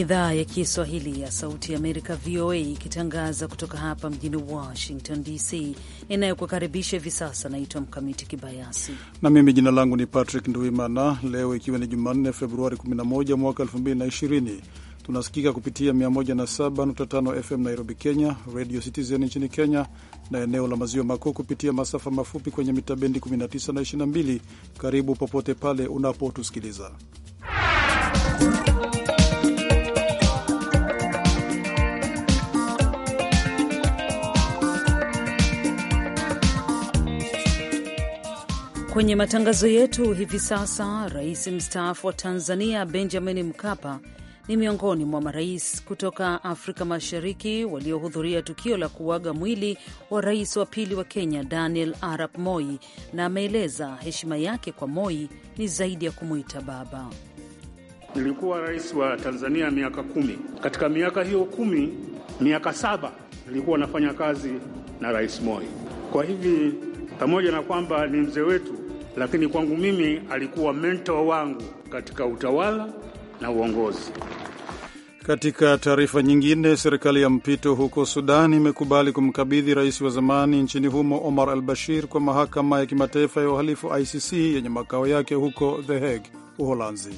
idhaa ya Kiswahili ya Sauti ya Amerika, VOA, ikitangaza kutoka hapa mjini Washington DC. inayokukaribisha hivi sasa naitwa Mkamiti Kibayasi na mimi jina langu ni Patrick Nduimana. Leo ikiwa ni Jumanne, Februari 11 mwaka 2020, tunasikika kupitia 107.5 FM Nairobi, Kenya, Radio Citizen nchini Kenya na eneo la maziwa makuu kupitia masafa mafupi kwenye mitabendi 19 na 22. Karibu popote pale unapotusikiliza Kwenye matangazo yetu hivi sasa, rais mstaafu wa Tanzania Benjamin Mkapa ni miongoni mwa marais kutoka Afrika Mashariki waliohudhuria tukio la kuaga mwili wa rais wa pili wa Kenya Daniel Arap Moi, na ameeleza heshima yake kwa Moi ni zaidi ya kumwita baba. Nilikuwa rais wa Tanzania miaka kumi. Katika miaka hiyo kumi, miaka saba nilikuwa nafanya kazi na rais Moi. Kwa hivi, pamoja na kwamba ni mzee wetu lakini kwangu mimi alikuwa mentor wangu katika utawala na uongozi. Katika taarifa nyingine, serikali ya mpito huko Sudan imekubali kumkabidhi rais wa zamani nchini humo Omar al Bashir kwa mahakama ya kimataifa ya uhalifu ICC yenye makao yake huko The Hague, Uholanzi.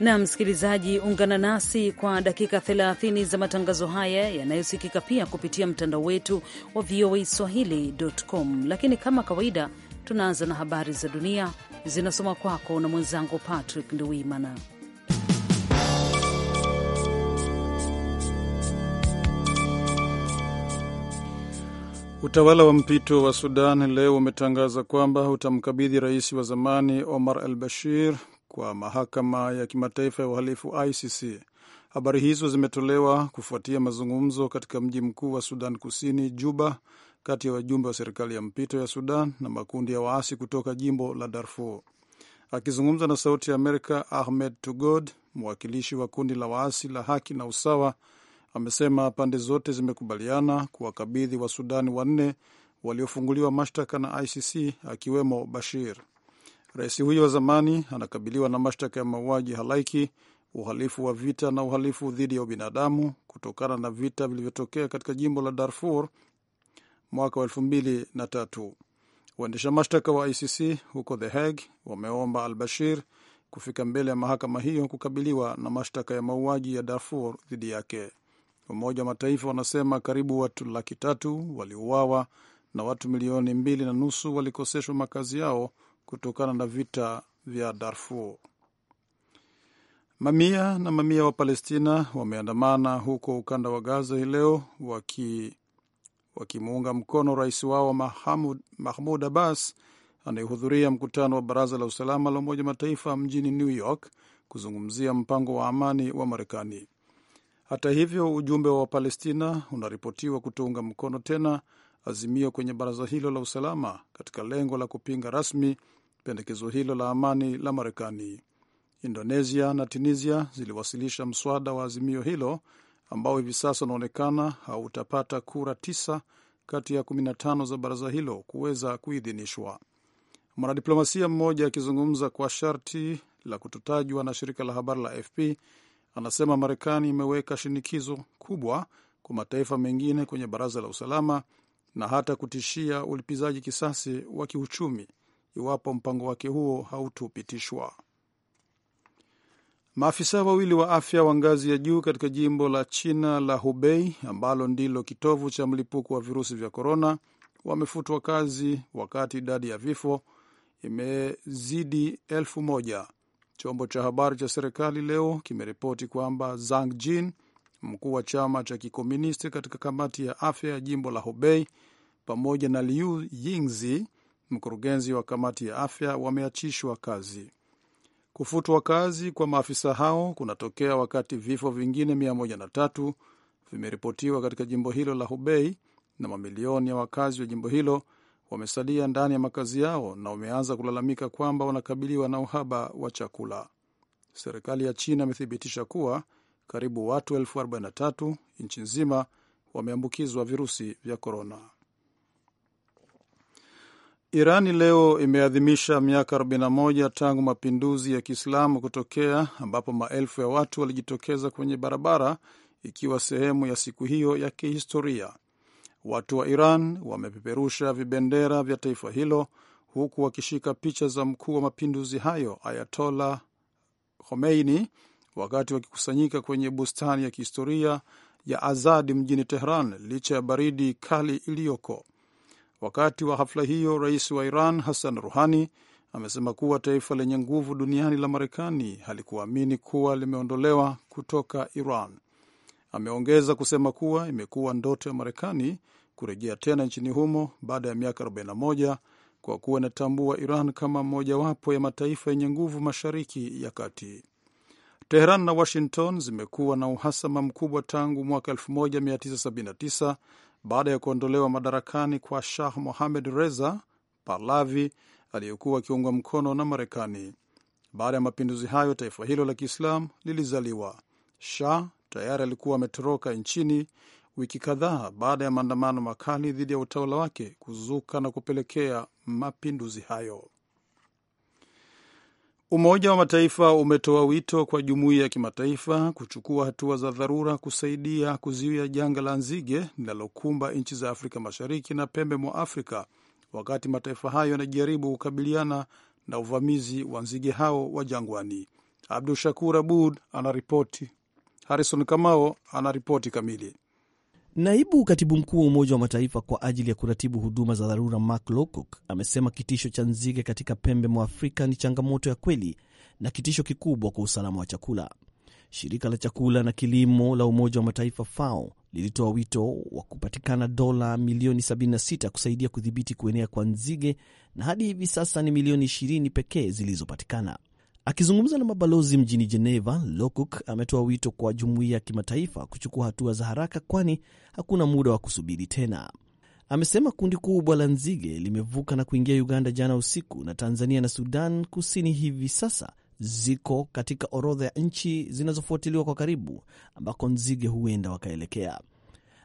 Na msikilizaji, ungana nasi kwa dakika 30 za matangazo haya yanayosikika pia kupitia mtandao wetu wa voa swahili.com. Lakini kama kawaida Tunaanza na habari za dunia zinasoma kwako na mwenzangu Patrick Nduwimana. Utawala wa mpito wa Sudan leo umetangaza kwamba utamkabidhi rais wa zamani Omar al Bashir kwa mahakama ya kimataifa ya uhalifu ICC. Habari hizo zimetolewa kufuatia mazungumzo katika mji mkuu wa Sudan Kusini, Juba, kati ya wajumbe wa serikali ya mpito ya Sudan na makundi ya waasi kutoka jimbo la Darfur. Akizungumza na Sauti ya Amerika, Ahmed Tugod, mwakilishi wa kundi la waasi la Haki na Usawa, amesema pande zote zimekubaliana kuwakabidhi Wasudani wanne waliofunguliwa mashtaka na ICC akiwemo Bashir. Rais huyo wa zamani anakabiliwa na mashtaka ya mauaji halaiki, uhalifu wa vita na uhalifu dhidi ya ubinadamu kutokana na vita vilivyotokea katika jimbo la Darfur mwaka wa elfu mbili na tatu. Waendesha mashtaka wa ICC huko The Hague wameomba Al Bashir kufika mbele ya mahakama hiyo kukabiliwa na mashtaka ya mauaji ya Darfur dhidi yake. Umoja wa Mataifa wanasema karibu watu laki tatu waliuawa na watu milioni mbili na nusu walikoseshwa makazi yao kutokana na vita vya Darfur. Mamia na mamia wa Palestina wameandamana huko ukanda wa Gaza hii leo waki wakimuunga mkono rais wao Mahmud, Mahmud Abbas anayehudhuria mkutano wa baraza la usalama la Umoja Mataifa mjini New York kuzungumzia mpango wa amani wa Marekani. Hata hivyo, ujumbe wa Wapalestina unaripotiwa kutounga mkono tena azimio kwenye baraza hilo la usalama katika lengo la kupinga rasmi pendekezo hilo la amani la Marekani. Indonesia na Tunisia ziliwasilisha mswada wa azimio hilo ambao hivi sasa unaonekana hautapata kura tisa kati ya 15 za baraza hilo kuweza kuidhinishwa. Mwanadiplomasia mmoja akizungumza kwa sharti la kutotajwa na shirika la habari la fp anasema Marekani imeweka shinikizo kubwa kwa mataifa mengine kwenye baraza la usalama na hata kutishia ulipizaji kisasi wa kiuchumi iwapo mpango wake huo hautupitishwa. Maafisa wawili wa afya wa ngazi ya juu katika jimbo la China la Hubei ambalo ndilo kitovu cha mlipuko wa virusi vya korona wamefutwa kazi wakati idadi ya vifo imezidi elfu moja. Chombo cha habari cha serikali leo kimeripoti kwamba Zhang Jin, mkuu wa chama cha kikomunisti katika kamati ya afya ya jimbo la Hubei, pamoja na Liu Yingzi, mkurugenzi wa kamati ya afya, wameachishwa kazi. Kufutwa kazi kwa maafisa hao kunatokea wakati vifo vingine 103 vimeripotiwa katika jimbo hilo la Hubei na mamilioni ya wakazi wa jimbo hilo wamesalia ndani ya makazi yao na wameanza kulalamika kwamba wanakabiliwa na uhaba wa chakula. Serikali ya China imethibitisha kuwa karibu watu 43 nchi nzima wameambukizwa virusi vya korona. Irani leo imeadhimisha miaka 41 tangu mapinduzi ya Kiislamu kutokea ambapo maelfu ya watu walijitokeza kwenye barabara ikiwa sehemu ya siku hiyo ya kihistoria. Watu wa Iran wamepeperusha vibendera vya taifa hilo huku wakishika picha za mkuu wa mapinduzi hayo Ayatola Khomeini wakati wakikusanyika kwenye bustani ya kihistoria ya Azadi mjini Tehran licha ya baridi kali iliyoko. Wakati wa hafla hiyo, rais wa Iran Hassan Ruhani amesema kuwa taifa lenye nguvu duniani la Marekani halikuamini kuwa limeondolewa kutoka Iran. Ameongeza kusema kuwa imekuwa ndoto ya Marekani kurejea tena nchini humo baada ya miaka 41 kwa kuwa inatambua Iran kama mojawapo ya mataifa yenye nguvu Mashariki ya Kati. Teheran na Washington zimekuwa na uhasama mkubwa tangu mwaka 1979 baada ya kuondolewa madarakani kwa Shah Mohamed Reza Pahlavi aliyekuwa akiungwa mkono na Marekani. Baada ya mapinduzi hayo, taifa hilo la Kiislamu lilizaliwa. Shah tayari alikuwa ametoroka nchini wiki kadhaa baada ya maandamano makali dhidi ya utawala wake kuzuka na kupelekea mapinduzi hayo. Umoja wa Mataifa umetoa wito kwa jumuiya ya kimataifa kuchukua hatua za dharura kusaidia kuzuia janga la nzige linalokumba nchi za Afrika Mashariki na pembe mwa Afrika, wakati mataifa hayo yanajaribu kukabiliana na uvamizi wa nzige hao wa jangwani. Abdu Shakur Abud anaripoti. Harrison Kamao anaripoti kamili. Naibu katibu mkuu wa Umoja wa Mataifa kwa ajili ya kuratibu huduma za dharura Mark Lowcock amesema kitisho cha nzige katika pembe mwa Afrika ni changamoto ya kweli na kitisho kikubwa kwa usalama wa chakula. Shirika la chakula na kilimo la Umoja wa Mataifa FAO lilitoa wito wa kupatikana dola milioni 76 kusaidia kudhibiti kuenea kwa nzige, na hadi hivi sasa ni milioni 20 pekee zilizopatikana. Akizungumza na mabalozi mjini Geneva, Lokuk ametoa wito kwa jumuiya ya kimataifa kuchukua hatua za haraka, kwani hakuna muda wa kusubiri tena. Amesema kundi kubwa la nzige limevuka na kuingia Uganda jana usiku, na Tanzania na Sudan Kusini hivi sasa ziko katika orodha ya nchi zinazofuatiliwa kwa karibu ambako nzige huenda wakaelekea.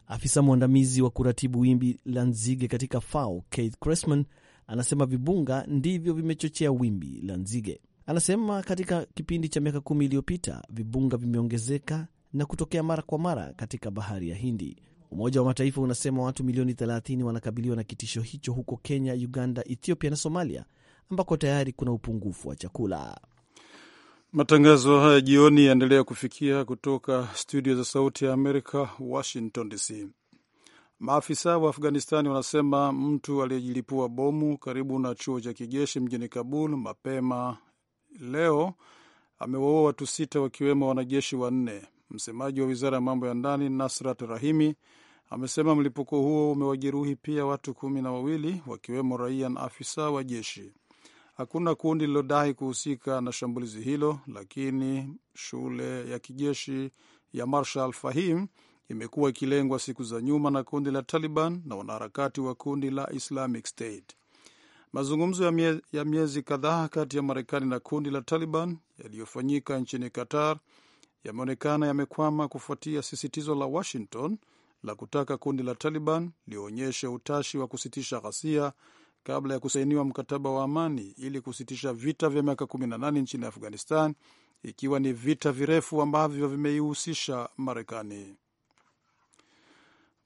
Afisa mwandamizi wa kuratibu wimbi la nzige katika FAO Keith Cressman anasema vibunga ndivyo vimechochea wimbi la nzige. Anasema katika kipindi cha miaka kumi iliyopita vibunga vimeongezeka na kutokea mara kwa mara katika bahari ya Hindi. Umoja wa Mataifa unasema watu milioni 30 wanakabiliwa na kitisho hicho huko Kenya, Uganda, Ethiopia na Somalia, ambako tayari kuna upungufu wa chakula. Matangazo haya jioni yaendelea kufikia kutoka studio za Sauti ya Amerika, Washington DC. Maafisa wa Afghanistani wanasema mtu aliyejilipua bomu karibu na chuo cha kijeshi mjini Kabul mapema leo amewaua watu sita wakiwemo wanajeshi wanne. Msemaji wa wizara ya mambo ya ndani Nasrat Rahimi amesema mlipuko huo umewajeruhi pia watu kumi na wawili wakiwemo raia na afisa wa jeshi. Hakuna kundi lililodai kuhusika na shambulizi hilo, lakini shule ya kijeshi ya Marshal Fahim imekuwa ikilengwa siku za nyuma na kundi la Taliban na wanaharakati wa kundi la Islamic State. Mazungumzo ya, mie, ya miezi kadhaa kati ya Marekani na kundi la Taliban yaliyofanyika nchini Qatar yameonekana yamekwama kufuatia sisitizo la Washington la kutaka kundi la Taliban lionyeshe utashi wa kusitisha ghasia kabla ya kusainiwa mkataba wa amani ili kusitisha vita vya miaka 18 nchini Afghanistan, ikiwa ni vita virefu ambavyo vimeihusisha Marekani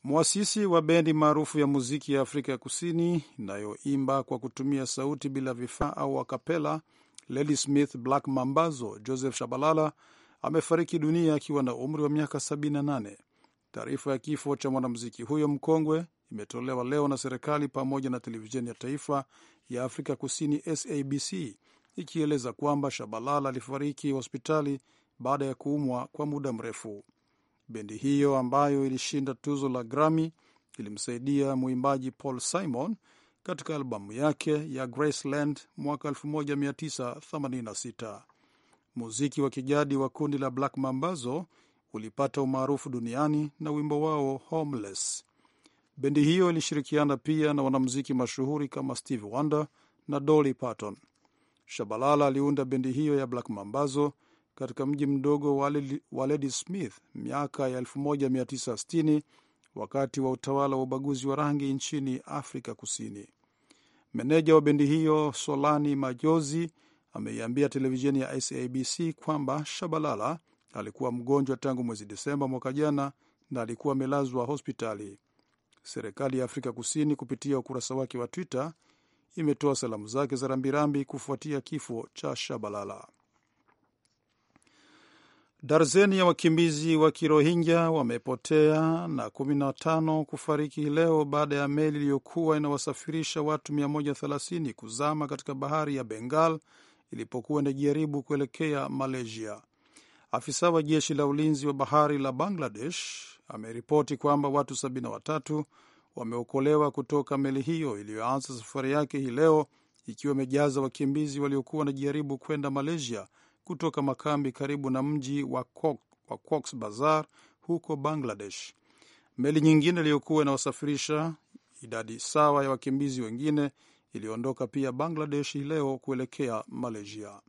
mwasisi wa bendi maarufu ya muziki ya Afrika ya Kusini inayoimba kwa kutumia sauti bila vifaa au akapela, smith Black Mambazo, Joseph Shabalala amefariki dunia akiwa na umri wa miaka 78. Taarifa ya kifo cha mwanamuziki huyo mkongwe imetolewa leo na serikali pamoja na televisheni ya taifa ya Afrika Kusini SABC ikieleza kwamba Shabalala alifariki hospitali baada ya kuumwa kwa muda mrefu. Bendi hiyo ambayo ilishinda tuzo la Grammy ilimsaidia mwimbaji Paul Simon katika albamu yake ya Graceland mwaka 1986. Muziki wa kijadi wa kundi la Black Mambazo ulipata umaarufu duniani na wimbo wao Homeless. Bendi hiyo ilishirikiana pia na wanamuziki mashuhuri kama Stevie Wonder na Dolly Parton. Shabalala aliunda bendi hiyo ya Black Mambazo katika mji mdogo wa Ladysmith miaka ya 1960 wakati wa utawala wa ubaguzi wa rangi nchini Afrika Kusini. Meneja wa bendi hiyo Solani Majozi ameiambia televisheni ya SABC kwamba Shabalala alikuwa mgonjwa tangu mwezi Desemba mwaka jana na alikuwa amelazwa hospitali. Serikali ya Afrika Kusini kupitia ukurasa wake wa Twitter imetoa salamu zake za rambirambi kufuatia kifo cha Shabalala. Darzeni ya wakimbizi wa Kirohingya wamepotea na 15 kufariki leo baada ya meli iliyokuwa inawasafirisha watu 130 kuzama katika bahari ya Bengal ilipokuwa inajaribu kuelekea Malaysia. Afisa wa jeshi la ulinzi wa bahari la Bangladesh ameripoti kwamba watu 73 wameokolewa kutoka meli hiyo iliyoanza safari yake hii leo ikiwa imejaza wakimbizi waliokuwa wanajaribu kwenda Malaysia kutoka makambi karibu na mji wa Cox, wa Cox Bazar huko Bangladesh. Meli nyingine iliyokuwa inawasafirisha idadi sawa ya wakimbizi wengine iliondoka pia Bangladesh leo kuelekea Malaysia.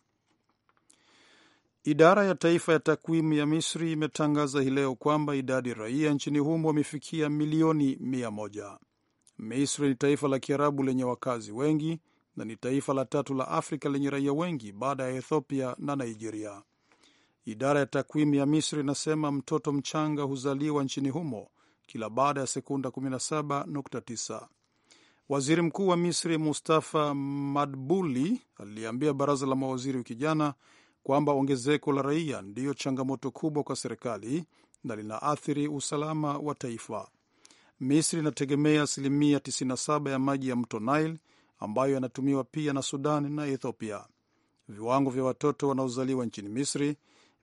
Idara ya Taifa ya Takwimu ya Misri imetangaza hii leo kwamba idadi raia nchini humo imefikia milioni mia moja. Misri ni taifa la Kiarabu lenye wakazi wengi na ni taifa la tatu la Afrika lenye raia wengi baada ya Ethiopia na Nigeria. Idara ya takwimu ya Misri inasema mtoto mchanga huzaliwa nchini humo kila baada ya sekunda 17.9. Waziri Mkuu wa Misri Mustafa Madbuli aliambia baraza la mawaziri wiki jana kwamba ongezeko la raia ndiyo changamoto kubwa kwa serikali na linaathiri usalama wa taifa. Misri inategemea asilimia 97 ya maji ya mto Nile ambayo yanatumiwa pia na Sudan na Ethiopia. Viwango vya watoto wanaozaliwa nchini Misri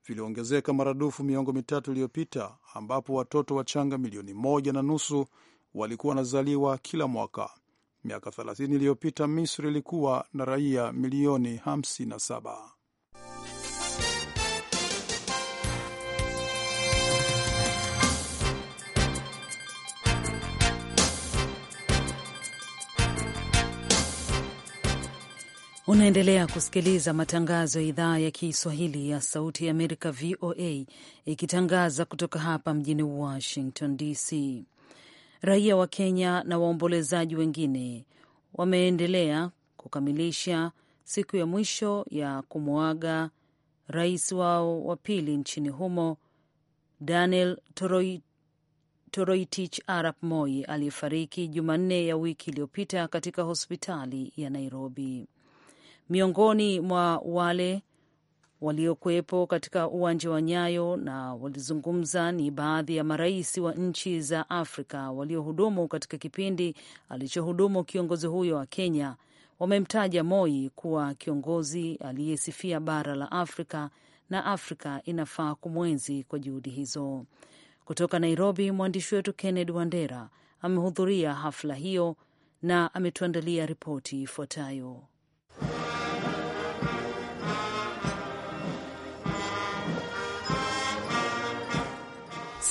viliongezeka maradufu miongo mitatu iliyopita, ambapo watoto wachanga milioni moja na nusu walikuwa wanazaliwa kila mwaka. Miaka 30 iliyopita Misri ilikuwa na raia milioni 57. Unaendelea kusikiliza matangazo ya idhaa ya Kiswahili ya Sauti ya Amerika, VOA, ikitangaza kutoka hapa mjini Washington DC. Raia wa Kenya na waombolezaji wengine wameendelea kukamilisha siku ya mwisho ya kumwaga rais wao wa pili nchini humo Daniel Toroi Toroitich Arap Moi aliyefariki Jumanne ya wiki iliyopita katika hospitali ya Nairobi. Miongoni mwa wale waliokuwepo katika uwanja wa Nyayo na walizungumza ni baadhi ya marais wa nchi za Afrika waliohudumu katika kipindi alichohudumu kiongozi huyo wa Kenya. Wamemtaja Moi kuwa kiongozi aliyesifia bara la Afrika na Afrika inafaa kumwenzi kwa juhudi hizo. Kutoka Nairobi, mwandishi wetu kenned Wandera amehudhuria hafla hiyo na ametuandalia ripoti ifuatayo.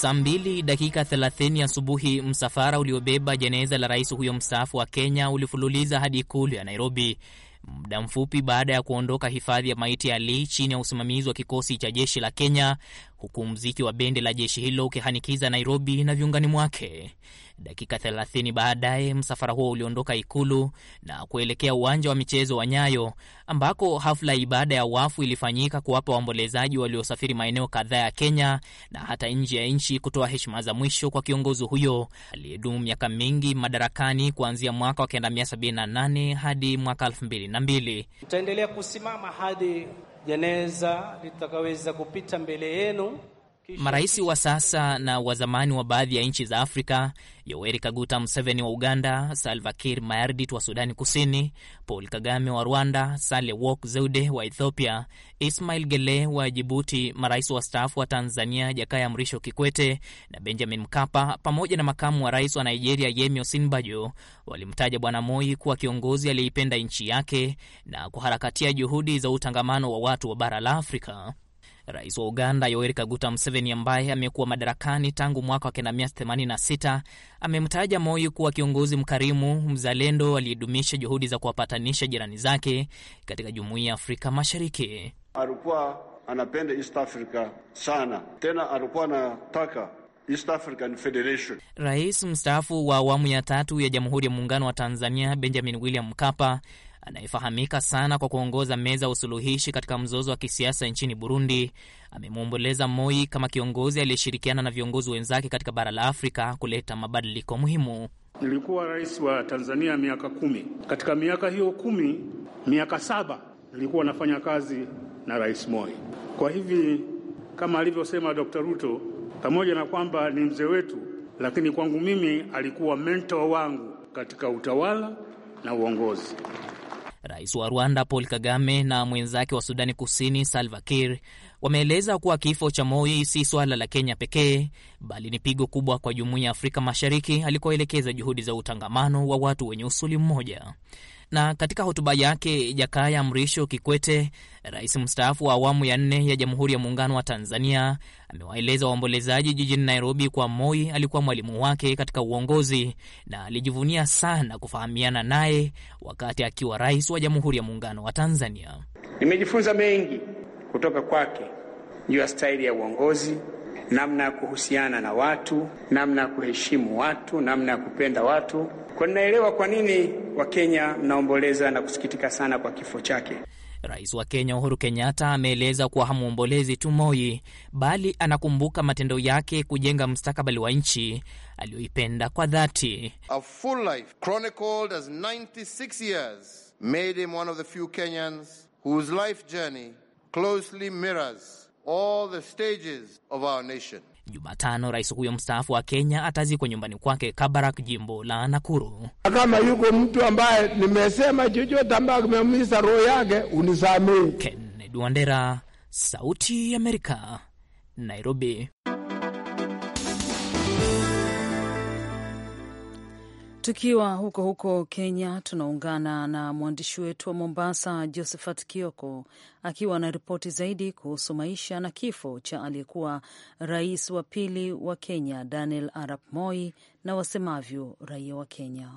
Saa mbili dakika 30 asubuhi, msafara uliobeba jeneza la rais huyo mstaafu wa Kenya ulifululiza hadi ikulu ya Nairobi. Muda mfupi baada ya kuondoka hifadhi ya maiti ya Lee chini ya usimamizi wa kikosi cha jeshi la Kenya, huku mziki wa bende la jeshi hilo ukihanikiza Nairobi na viungani mwake. Dakika 30 baadaye msafara huo uliondoka Ikulu na kuelekea uwanja wa michezo wa Nyayo ambako hafla ibada ya wafu ilifanyika kuwapa waombolezaji waliosafiri maeneo kadhaa ya Kenya na hata nje ya nchi kutoa heshima za mwisho kwa kiongozi huyo aliyedumu miaka mingi madarakani kuanzia mwaka wa 1978 hadi mwaka 2002. Tutaendelea kusimama hadi jeneza litakaweza kupita mbele yenu. Marais wa sasa na wa zamani wa baadhi ya nchi za Afrika, Yoweri Kaguta Museveni wa Uganda, Salva Kiir Mayardit wa Sudani Kusini, Paul Kagame wa Rwanda, Sale Wok Zeude wa Ethiopia, Ismail Gele wa Jibuti, marais wa staafu wa Tanzania Jakaya Mrisho Kikwete na Benjamin Mkapa, pamoja na makamu wa rais wa Nigeria Yemi Osinbajo, walimtaja Bwana Moi kuwa kiongozi aliyeipenda nchi yake na kuharakatia juhudi za utangamano wa watu wa bara la Afrika. Rais wa Uganda Yoweri Kaguta Museveni, ambaye amekuwa madarakani tangu mwaka wa 1986 amemtaja Moi kuwa kiongozi mkarimu, mzalendo aliyedumisha juhudi za kuwapatanisha jirani zake katika jumuiya ya Afrika Mashariki. Alikuwa anapenda East Africa sana, tena alikuwa anataka East African Federation. Rais mstaafu wa awamu ya tatu ya Jamhuri ya Muungano wa Tanzania Benjamin William Mkapa anayefahamika sana kwa kuongoza meza ya usuluhishi katika mzozo wa kisiasa nchini Burundi amemwomboleza Moi kama kiongozi aliyeshirikiana na viongozi wenzake katika bara la Afrika kuleta mabadiliko muhimu. Nilikuwa rais wa Tanzania miaka kumi. Katika miaka hiyo kumi, miaka saba nilikuwa nafanya kazi na rais Moi. Kwa hivi kama alivyosema Dr. Ruto, pamoja na kwamba ni mzee wetu, lakini kwangu mimi alikuwa mentor wangu katika utawala na uongozi. Rais wa Rwanda Paul Kagame na mwenzake wa Sudani Kusini Salva Kiir wameeleza kuwa kifo cha Moi si suala la Kenya pekee, bali ni pigo kubwa kwa jumuiya ya Afrika Mashariki, alikoelekeza juhudi za utangamano wa watu wenye usuli mmoja. Na katika hotuba yake, Jakaya Mrisho Kikwete, rais mstaafu wa awamu ya nne ya Jamhuri ya Muungano wa Tanzania, amewaeleza waombolezaji jijini Nairobi kwa Moi alikuwa mwalimu wake katika uongozi na alijivunia sana kufahamiana naye wakati akiwa rais wa Jamhuri ya Muungano wa Tanzania. Nimejifunza mengi kutoka kwake juu ya staili ya uongozi, namna ya kuhusiana na watu, namna ya kuheshimu watu, namna ya kupenda watu kwa ninaelewa kwa nini Wakenya mnaomboleza na kusikitika sana kwa kifo chake. Rais wa Kenya Uhuru Kenyatta ameeleza kuwa hamwombolezi tu Moi, bali anakumbuka matendo yake kujenga mustakabali wa nchi aliyoipenda kwa dhati. A full life chronicled as 96 years made him one of the few Kenyans whose life journey closely mirrors all the stages of our nation. Jumatano rais huyo mstaafu wa Kenya atazikwa nyumbani kwake Kabarak, jimbo la Nakuru. Kama yuko mtu ambaye nimesema chochote ambaye kimeumiza roho yake, unisamii Kennedy Wandera, Sauti ya Amerika, Nairobi. Tukiwa huko huko Kenya, tunaungana na mwandishi wetu wa Mombasa, Josephat Kioko, akiwa na ripoti zaidi kuhusu maisha na kifo cha aliyekuwa rais wa pili wa Kenya, Daniel Arap Moi, na wasemavyo raia wa Kenya.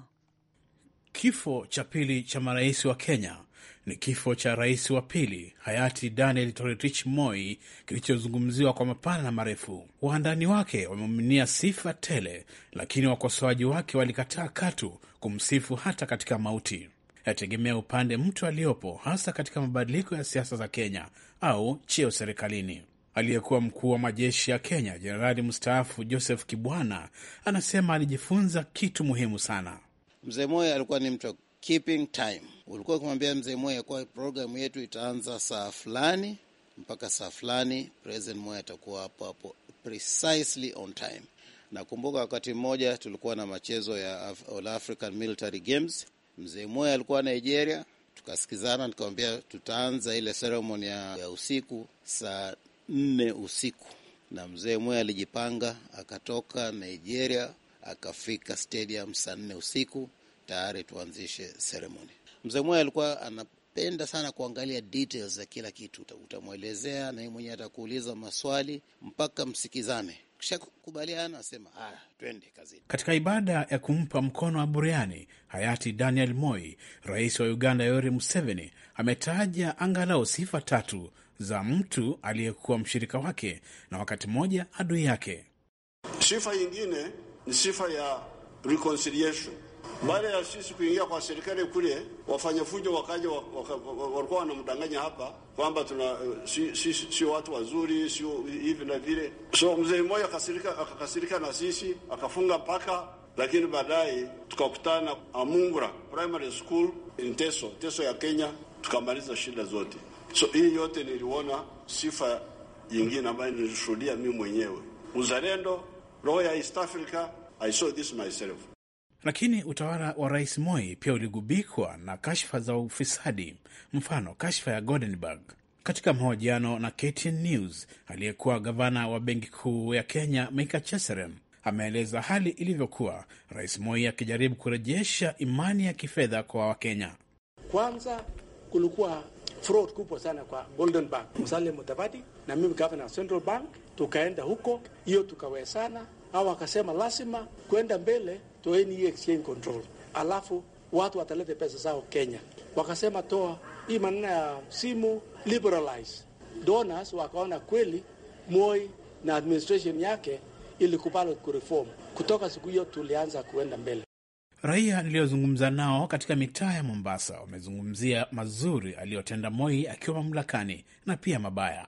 Kifo cha pili cha marais wa Kenya ni kifo cha rais wa pili hayati Daniel Toroitich Moi kilichozungumziwa kwa mapana na marefu. Waandani wake wamemiminia sifa tele, lakini wakosoaji wake walikataa katu kumsifu hata katika mauti. Yategemea upande mtu aliyopo, hasa katika mabadiliko ya siasa za Kenya au cheo serikalini. Aliyekuwa mkuu wa majeshi ya Kenya, jenerali mstaafu Joseph Kibwana, anasema alijifunza kitu muhimu sana. Mzee Moya alikuwa ni mtu keeping time, ulikuwa ukimwambia mzee Moya kuwa programu yetu itaanza saa fulani mpaka saa fulani, President Moya atakuwa hapo hapo precisely on time. Nakumbuka wakati mmoja tulikuwa na machezo ya All African Military Games, mzee Moya alikuwa Nigeria, tukasikizana, nikamwambia tutaanza ile ceremony ya usiku saa nne usiku, na mzee Moya alijipanga akatoka Nigeria akafika stadium saa nne usiku tayari tuanzishe seremoni. Mzee mwee alikuwa anapenda sana kuangalia details za kila kitu, utamwelezea na yeye mwenyewe atakuuliza maswali mpaka msikizane, kisha kukubaliana asema haya, twende kazini. Katika ibada ya kumpa mkono wa buriani, hayati Daniel Moi, rais wa Uganda Yoweri Museveni, ametaja angalau sifa tatu za mtu aliyekuwa mshirika wake na wakati mmoja adui yake. Sifa yingine ni sifa ya reconciliation. Baada ya sisi kuingia kwa serikali kule, wafanya fujo wakaja, walikuwa wanamdanganya hapa kwamba tuna eh, si, si, si watu wazuri, sio hivi na vile. So mzee mmoja akakasirika, na sisi akafunga mpaka, lakini baadaye tukakutana Amungura Primary School in Teso, Teso ya Kenya, tukamaliza shida zote. So hii yote niliona sifa yingine ambayo nilishuhudia mimi mwenyewe uzalendo Roya East Africa, I saw this myself. Lakini utawala wa Rais Moi pia uligubikwa na kashfa za ufisadi, mfano kashfa ya Goldenberg. Katika mahojiano na KTN News, aliyekuwa gavana wa benki kuu ya Kenya Mika Cheserem ameeleza hali ilivyokuwa, Rais Moi akijaribu kurejesha imani ya kifedha kwa Wakenya. Kwanza kulikuwa fraud kubwa sana kwa Golden Musalia Mudavadi na mimi gavana wa Central Bank, tukaenda huko hiyo tukawesana au wakasema lazima kwenda mbele, toeni hii exchange control, alafu watu watalete pesa zao Kenya. Wakasema toa hii maneno ya simu liberalize. Donors wakaona kweli Moi na administration yake ilikubali kureform. Kutoka siku hiyo tulianza kuenda mbele. Raia niliyozungumza nao katika mitaa ya Mombasa wamezungumzia mazuri aliyotenda Moi akiwa mamlakani na pia mabaya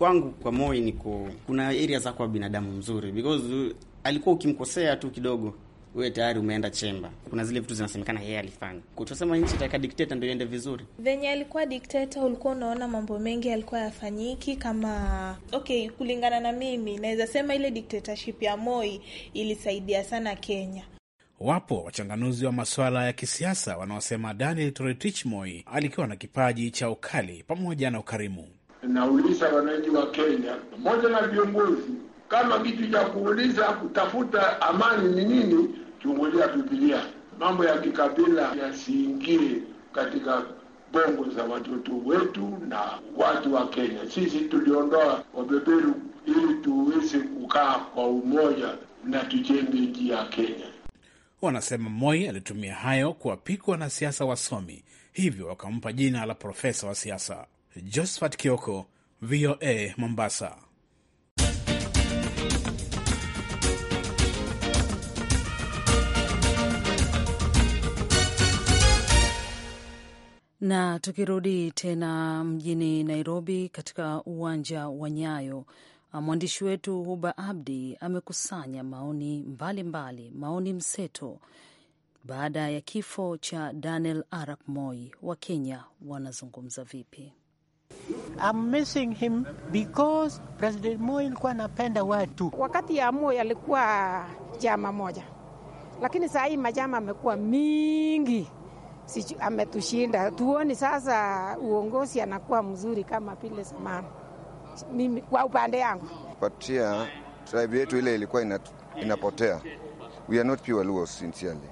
kwangu kwa Moi ku, kuna area za kuwa binadamu mzuri because uh, alikuwa ukimkosea tu kidogo wewe tayari umeenda chemba. Kuna zile vitu zinasemekana yeye alifanya, kutusema nchi itaka dikteta ndio iende vizuri. Venye alikuwa dikteta, ulikuwa unaona mambo mengi alikuwa yafanyiki kama okay. Kulingana na mimi, naweza sema ile dictatorship ya Moi ilisaidia sana Kenya. Wapo wachanganuzi wa masuala ya kisiasa wanaosema Daniel Toroitich Moi alikuwa na kipaji cha ukali pamoja na ukarimu nauliza wananchi wa Kenya pamoja na viongozi, kama kitu cha kuuliza kutafuta amani ni nini, chungulia Biblia. Mambo ya kikabila yasiingie katika bongo za watoto wetu na watu wa Kenya. Sisi tuliondoa wabeberu ili tuweze kukaa kwa umoja na tujenge nchi ya Kenya. Wanasema Moi alitumia hayo kuwapikwa na siasa wasomi, hivyo wakampa jina la profesa wa siasa. Josephat Kioko, VOA Mombasa. Na tukirudi tena mjini Nairobi, katika uwanja wa Nyayo, uh, mwandishi wetu Huba Abdi amekusanya maoni mbalimbali mbali, maoni mseto baada ya kifo cha Daniel Arap Moi. Wa Kenya wanazungumza vipi? I'm missing him because President Moi alikuwa anapenda watu. Wakati ya Moi alikuwa jama moja, lakini saa hii majama amekuwa mingi, si ametushinda. Tuoni sasa uongozi anakuwa mzuri kama vile zamani. Mimi kwa upande yangu, patia tribe yetu ile ilikuwa inatu, inapotea. We are not pure Luo sincerely,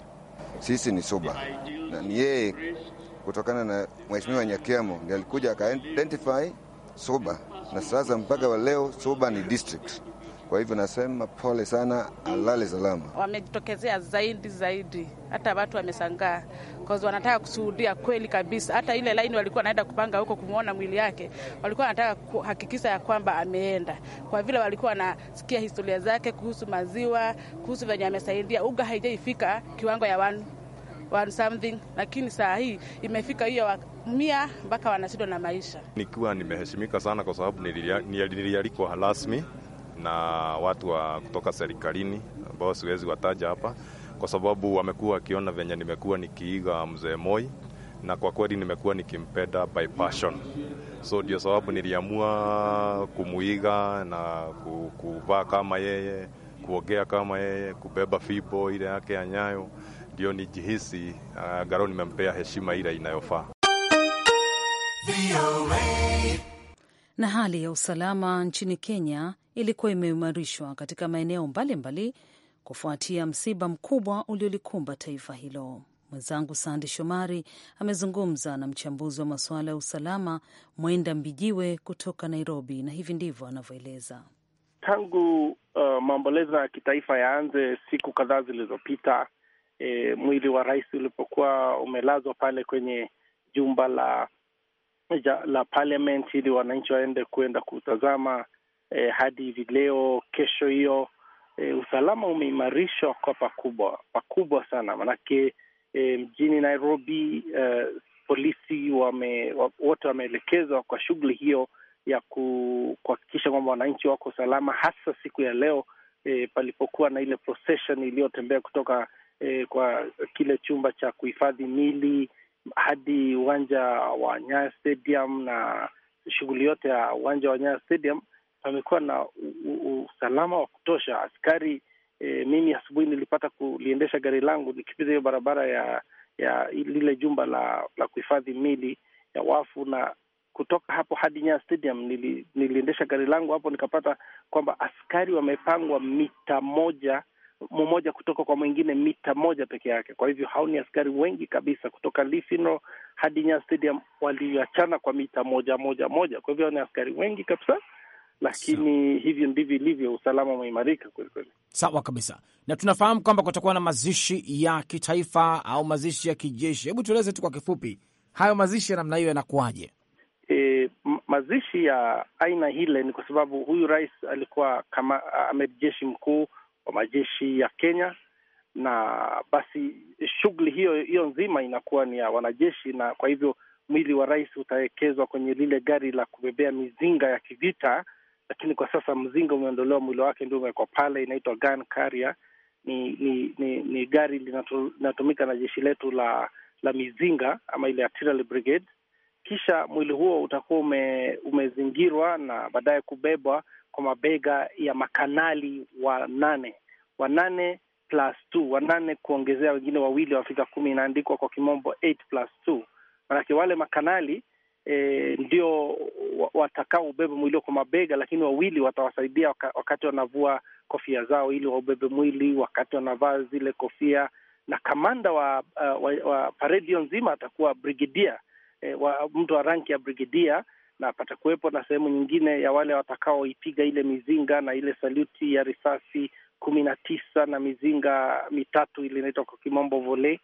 sisi ni soba na ni yeye kutokana na mheshimiwa Nyakemo ndiye alikuja aka identify Suba, na sasa mpaka wa leo Suba ni district. Kwa hivyo nasema pole sana, alale salama. Wamejitokezea zaidi zaidi, hata watu wamesangaa cause wanataka kushuhudia kweli kabisa. Hata ile laini walikuwa wanaenda kupanga huko kumwona mwili yake, walikuwa wanataka kuhakikisha ya kwamba ameenda, kwa vile walikuwa wanasikia historia zake kuhusu maziwa, kuhusu venye amesaidia uga haijaifika kiwango ya one something, lakini saa hii imefika hiyo mia mpaka wanashindwa na maisha. Nikiwa nimeheshimika sana kwa sababu nilialikwa rasmi na watu wa kutoka serikalini ambao siwezi wataja hapa, kwa sababu wamekuwa wakiona venye nimekuwa nikiiga mzee Moi, na kwa kweli nimekuwa nikimpenda by passion, so ndio sababu niliamua kumuiga na kuvaa kama yeye, kuogea kama yeye, kubeba fibo ile yake ya nyayo ndio nijihisi uh, Garo nimempea heshima ile inayofaa. Na hali ya usalama nchini Kenya ilikuwa imeimarishwa katika maeneo mbalimbali kufuatia msiba mkubwa uliolikumba taifa hilo. Mwenzangu Sandi Shomari amezungumza na mchambuzi wa masuala ya usalama Mwenda Mbijiwe kutoka Nairobi, na hivi ndivyo anavyoeleza. Tangu uh, maombolezo ya kitaifa yaanze siku kadhaa zilizopita, e, mwili wa rais ulipokuwa umelazwa pale kwenye jumba la la parliament ili wananchi waende kuenda kutazama e, hadi hivi leo kesho hiyo. E, usalama umeimarishwa kwa pakubwa pakubwa sana, manake e, mjini Nairobi e, polisi wame, wote wameelekezwa kwa shughuli hiyo ya kuhakikisha kwamba wananchi wako salama, hasa siku ya leo e, palipokuwa na ile procession iliyotembea kutoka e, kwa kile chumba cha kuhifadhi mili hadi uwanja wa Nyayo Stadium na shughuli yote ya uwanja wa Nyayo Stadium pamekuwa na usalama wa kutosha. Askari e, mimi asubuhi nilipata kuliendesha gari langu nikipita hiyo barabara ya ya lile jumba la la kuhifadhi mili ya wafu na kutoka hapo hadi Nyayo Stadium nili, niliendesha gari langu hapo nikapata kwamba askari wamepangwa mita moja mmoja kutoka kwa mwingine mita moja peke yake. Kwa hivyo hao ni askari wengi kabisa kutoka Lifino hadi Nyayo Stadium waliachana kwa mita moja moja moja. Kwa hivyo hao ni askari wengi kabisa, lakini Sao. hivyo ndivyo ilivyo, usalama umeimarika kwelikweli. Sawa kabisa, na tunafahamu kwamba kutakuwa na mazishi ya kitaifa au mazishi ya kijeshi. Hebu tueleze tu kwa kifupi, hayo mazishi ya namna hiyo yanakuwaje? E, mazishi ya aina hile ni kwa sababu huyu rais alikuwa kama amiri jeshi mkuu wa majeshi ya Kenya, na basi shughuli hiyo hiyo nzima inakuwa ni ya wanajeshi, na kwa hivyo mwili wa rais utawekezwa kwenye lile gari la kubebea mizinga ya kivita, lakini kwa sasa mzinga umeondolewa, mwili wake ndio umewekwa pale, inaitwa gun carrier. Ni ni ni, ni gari linatumika na jeshi letu la la mizinga ama ile artillery brigade. Kisha mwili huo utakuwa ume, umezingirwa na baadaye kubebwa kwa mabega ya makanali wanane, nane plus two, wanane kuongezea wengine wawili Afrika kumi, inaandikwa kwa kimombo eight plus two. Manake wale makanali E, ndio watakao ubebe mwili kwa mabega, lakini wawili watawasaidia wakati wanavua kofia zao ili waubebe mwili wakati wanavaa zile kofia. Na kamanda wa, uh, wa, wa paredi hiyo nzima atakuwa brigidia e, wa, mtu wa ranki ya brigidia na patakuwepo na sehemu nyingine ya wale watakaoipiga ile mizinga na ile saluti ya risasi kumi na tisa na mizinga mitatu ile inaitwa kwa kimombo vole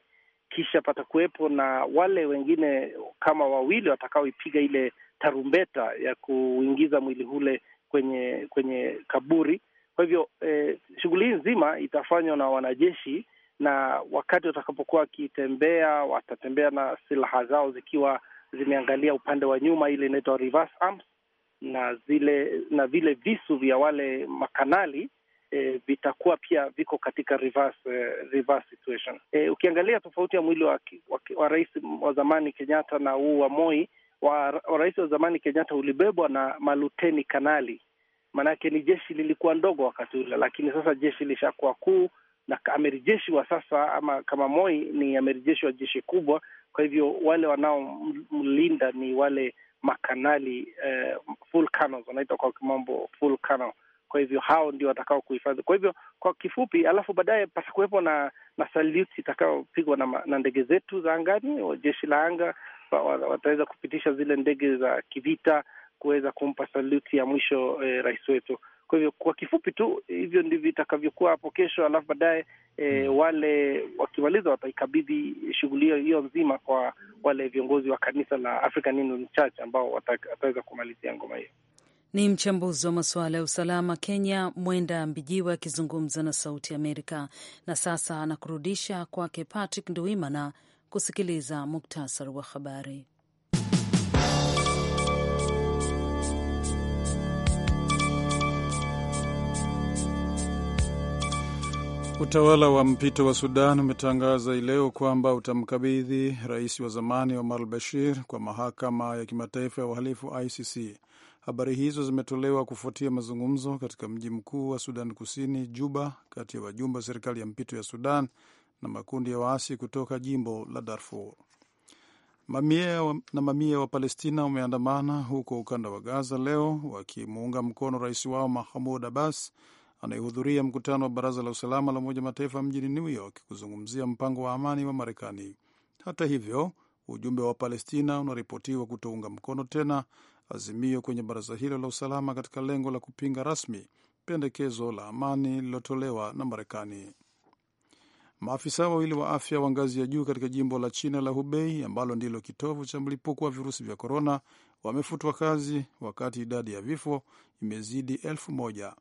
Kisha patakuwepo na wale wengine kama wawili watakaoipiga ile tarumbeta ya kuingiza mwili ule kwenye kwenye kaburi. Kwa hivyo eh, shughuli hii nzima itafanywa na wanajeshi, na wakati watakapokuwa wakitembea watatembea na silaha zao zikiwa zimeangalia upande wa nyuma, ile inaitwa reverse arms, na zile na vile visu vya wale makanali E, vitakuwa pia viko katika reverse, uh, reverse situation. E, ukiangalia tofauti ya mwili wa, wa, wa rais wa zamani Kenyatta na huu wa Moi, wa, wa rais wa zamani Kenyatta ulibebwa na maluteni kanali, maanake ni jeshi lilikuwa ndogo wakati ule, lakini sasa jeshi lishakuwa kuu, na amiri jeshi wa sasa ama kama Moi ni amiri jeshi wa jeshi kubwa, kwa hivyo wale wanaomlinda ni wale makanali eh, full colonels, wanaitwa kwa kimombo full colonel. Kwa hivyo hao ndio watakao kuhifadhi. Kwa hivyo kwa kifupi, alafu baadaye patakuwepo na na saluti itakayopigwa na, na ndege zetu za angani. Jeshi la anga wataweza kupitisha zile ndege za kivita kuweza kumpa saluti ya mwisho eh, rais wetu. Kwa hivyo kwa kifupi tu, hivyo ndivyo itakavyokuwa hapo kesho, alafu baadaye e, wale wakimaliza wataikabidhi shughuli hiyo nzima kwa wale viongozi wa kanisa la African Union Church ambao wataweza kumalizia ngoma hiyo. Ni mchambuzi wa masuala ya usalama Kenya, Mwenda Mbijiwe akizungumza na Sauti Amerika. Na sasa anakurudisha kwake Patrick Nduimana kusikiliza muktasari wa habari. Utawala wa mpito wa Sudan umetangaza leo kwamba utamkabidhi rais wa zamani Omar al Bashir kwa mahakama ya kimataifa ya uhalifu ICC. Habari hizo zimetolewa kufuatia mazungumzo katika mji mkuu wa Sudan Kusini, Juba, kati ya wajumbe wa serikali ya mpito ya Sudan na makundi ya waasi kutoka jimbo la Darfur. Mamia na mamia wa palestina wameandamana huko ukanda wa Gaza leo wakimuunga mkono rais wao Mahmud Abbas anayehudhuria mkutano wa baraza la usalama la Umoja Mataifa mjini New York kuzungumzia mpango wa amani wa Marekani. Hata hivyo, ujumbe wa Palestina unaripotiwa kutounga mkono tena azimio kwenye baraza hilo la usalama katika lengo la kupinga rasmi pendekezo la amani lililotolewa na Marekani. Maafisa wawili wa afya wa ngazi ya juu katika jimbo la China la Hubei ambalo ndilo kitovu cha mlipuko wa virusi vya korona wamefutwa kazi wakati idadi ya vifo imezidi elfu moja.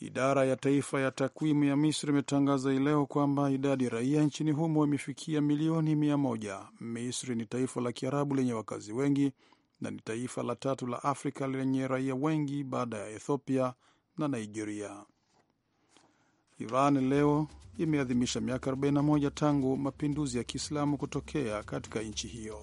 Idara ya taifa ya takwimu ya Misri imetangaza leo kwamba idadi ya raia nchini humo imefikia milioni mia moja. Misri ni taifa la Kiarabu lenye wakazi wengi na ni taifa la tatu la Afrika lenye raia wengi baada ya Ethiopia na Nigeria. Iran leo imeadhimisha miaka 41 tangu mapinduzi ya Kiislamu kutokea katika nchi hiyo.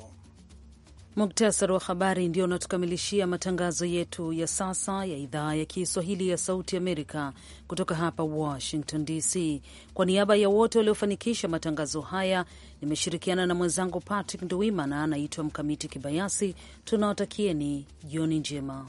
Muktasari wa habari ndio unatukamilishia matangazo yetu ya sasa ya idhaa ya Kiswahili ya Sauti Amerika kutoka hapa Washington DC. Kwa niaba ya wote waliofanikisha matangazo haya, nimeshirikiana na mwenzangu Patrick Nduwimana, anaitwa Mkamiti Kibayasi. Tunawatakieni jioni njema.